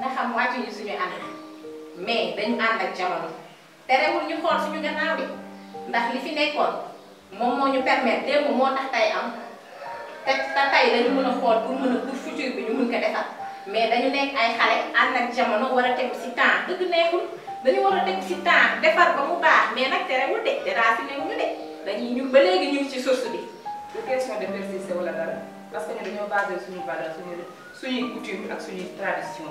na xam wàccuñu suñu ànd mais dañu ànd ak jamono terewul ñu xool suñu gannaaw bi ndax li fi nekkoon moom moo ñu permettre démb moo tax tey am te te tey dañu mën a xool pour mën a pour futur bi ñu mën ko defar mais dañu nekk ay xale ànd ak jamono war a tegu si temps dëgg neexul dañu war a tegu si temps defar ba mu baax mais nag terewul de déraciné wu ñu de dañuy ñu ba léegi ñu ci source bi. du question de persister wala dara parce que dañoo basé suñu valeur suñu suñuy ak suñu tradition.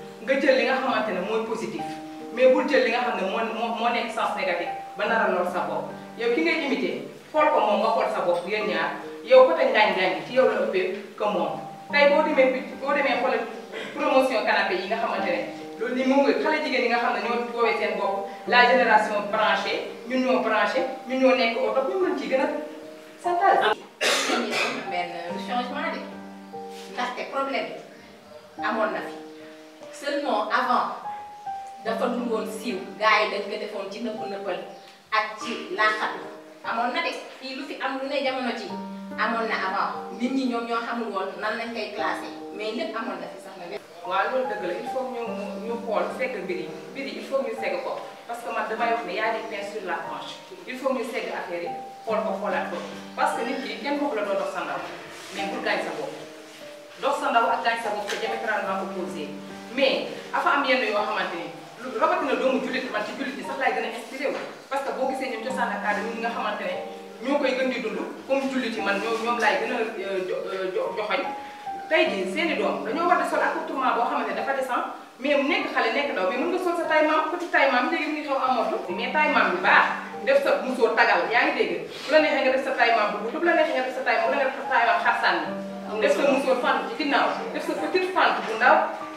nga jël li nga xamante ne mooy positif mais bul jël li nga xam ne moo moo nekk sens négatif ba nar a sa bopp yow ki ngay imité xool ko moom nga xool sa bopp yéen ñaar yow côté ngaañ-ngaañ bi ci yow la ëppee que moom tey boo demee bi boo demee xoolal promotion canapé yi nga xamante ne loolu ni moom nga xale jigéen yi nga xam ne ñoo woowee seen bopp la génération branchée ñu ñoo branché ñu ñoo nekk au top ñu mën ci gën a santal. benn changement de ndaxte problème amoon na seulement avant dafa dul woon siiw gars yi dañ ko defoon ci nëpp nëppal ak ci laaxatu amoon na de fii lu fi am lu ne jamono ci amoon na avant nit ñi ñoom ñoo xamul woon nan lañ koy classé mais lépp amoon na fi sax na waaw loolu dëgg la il faut ñu ñu xool segg mbir yi mbir yi il faut ñu segg ko parce que man damay wax ne y a des sur la planche il faut ñu segg affaire yi xool ko xoolaat ko parce que nit ki kenn kooku la doo dox sa ndaw mais pour gaañ sa bopp dox sa ndaw ak gaañ sa bopp te jafe-jafe opposé mais dafa am yenn yoo xamante ni lu rawatina doomu jullit man ci jullit yi gën a parce que boo gisee ñoom cosaan ak aada ñi nga xamante ne ñoo koy gën di dund comme jullit a euh, euh, jii seen i dañoo war a sol accoutrement boo xamante ne dafa décent mais mu nekk xale nekk ndaw mais mën nga sol sa taille maam petit taille maam léegi mu ngi def sa musóor tagal ngi dégg bu sa taille maam bu gudd bu ci ginnaaw def sa petite fànn bu ndaw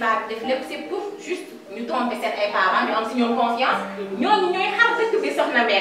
baa def c'est pour juste nous tromper seen ay parents nous on si confiance nous ñooy xar dëkk bi